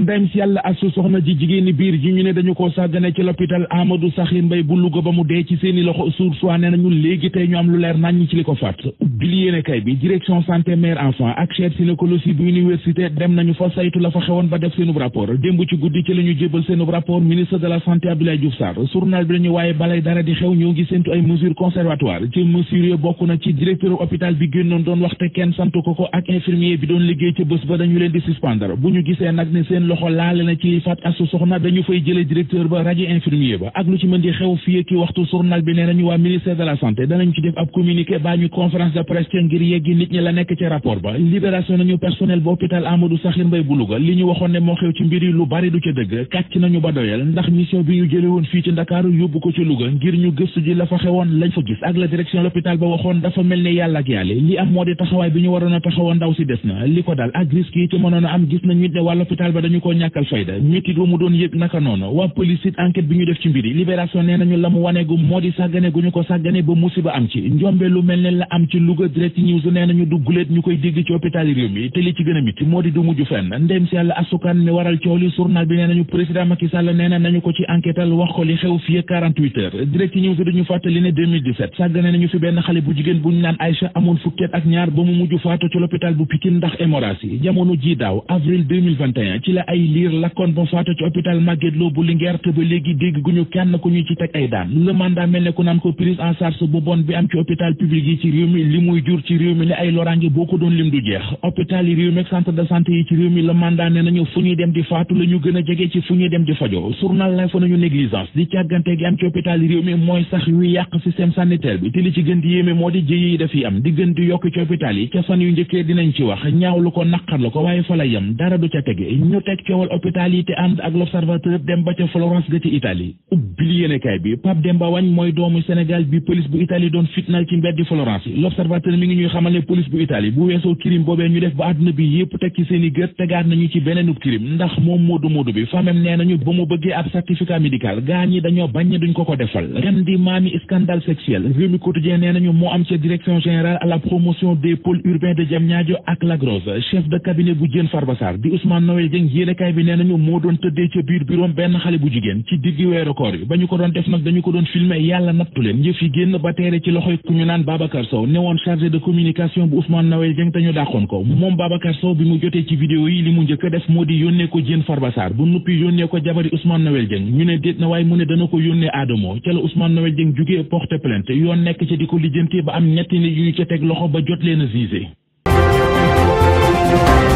dem ci yàlla asu soxna ji jigéeni biir ji ñu ne dañu koo sàggane ci l'hôpital Amadou Sakhir Mbaye bu Louga ba mu dee ci seeni loxo suur soi ne nañu léegi tey ñu am lu leer nañ ci li ko faat ubbil yéene kay bi direction santé mère enfant ak chaire gynécologie bu université dem nañu fa saytu la fa xewoon ba def seenub rapport démb ci guddi ci la jébal seenub rapport ministre de la santé Abdoulaye Diouf Sarr journal bi dañu waaye balay dara di xew ñoo sant ko ko seen loxo laale na ci li faat asu soxna dañu fay jële directeur ba rajo infirmier ba ak lu ci mën di xew fii ki waxtu journal bi nee nañu waa ministère de la santé danañ ci def ab communiqué baa ñu conférence de presse ngir yeggi nit ñi la nekk ci rapport ba libération nañu personnel ba hôpital Amadou Sakhir Mbaye bu Louga li ñu waxoon ne moo xew ci mbir yi lu bari du ca dëgg kàcc nañu ba doyal ndax mission bi ñu jële woon fii ci Ndakaaru yóbbu ko ci Louga ngir ñu la fa xewoon lañ fa gis ak la direction mel ne yàlla ak yàlla li am moo di taxawaay bi a taxawoon ndaw si des ñu ko ñàkkal fayda métit wa mu doon yëg naka noonu waa police it bi ñu def ci mbiri libération nee nañu la mu wanegu moo di sàggane gu ñu ko sàggane ba musiba mujj fenn ndem si mi waral coow journal bi nee nañu président Macky nee nañu ko ci enquêtal wax ko li xew fii 48 heures direct news dañu fàttali ne sàggane nañu fi benn xale bu jigéen bu ñu naan Aïcha amoon fukkeet ak ñaar ba mu mujj faatu ci l'hôpital bu Pikine ay liir lakkoon ba faatu ci hôpital Magatte Lô bu Linguère te ba léegi dégg gu ñu kenn ku ñu ci teg ay daan le mandat mel ne ku naan ko prise en charge bu bon bi am ci hôpital public yi ci réew mi li muy jur ci réew mi ne ay loraange boo ko doon lim du jeex hôpital yi réew mi ak centre de santé yi ci réew mi le mandat ne nañu fu ñuy dem di faatu la ñu gën a jege ci fu ñuy dem di fajo journal la fa nañu négligence di càggante gi am ci opital yi réew mi mooy sax yuy yàq système li ci gën di yéeme moo di jëye yi am di yokk ci yi ca yu njëkkee dinañ ci wax ñaaw lu ko naqar la ko waaye fa la yem dara du ca tege ak coowal hôpital yi te ànd ak l'observateur dem ba ca Florence ga ci Italie ubbi yéenekaay bi Pape Demba Wagne mooy doomu Sénégal bi police bu Italie doon fitnaal ci mbeddi Florence l'observateur mi ngi ñuy xamal ne police bu Italie bu weesoo crime boobee ñu def ba àdduna bi yépp teg ci seen i tegaat nañu ci beneenub crime ndax moom moodu moodu bi famem nee nañu ba mu bëggee ab certificat médical gaa ñi dañoo bañ ne duñ ko defal ren di maami yéenekaay bi nee nañu moo doon tëddee ca biir biroom benn xale bu jigéen ci diggi weeru koor yi ba ñu ko doon def nag dañu ko doon filmer yàlla nattu leen njëf yi génn ba teere ci loxoy ku ñu naan Babacar Sow newoon chargé de communication bu Ousmane Noël Dieng te ñu dàqoon ko moom Babacar Sow bi mu jotee ci vidéo yi li mu njëkk def moo di yónnee ko Diène Farba Sarr bu nuppi yónnee ko jabari Ousmane Noël Dieng ñu ne déet na waaye mu ne dana ko yónnee Adamo ca la Ousmane Noël Dieng jugee porte plainte yoon nekk ca di ko am ñetti nit yu ca teg loxo ba jot leen a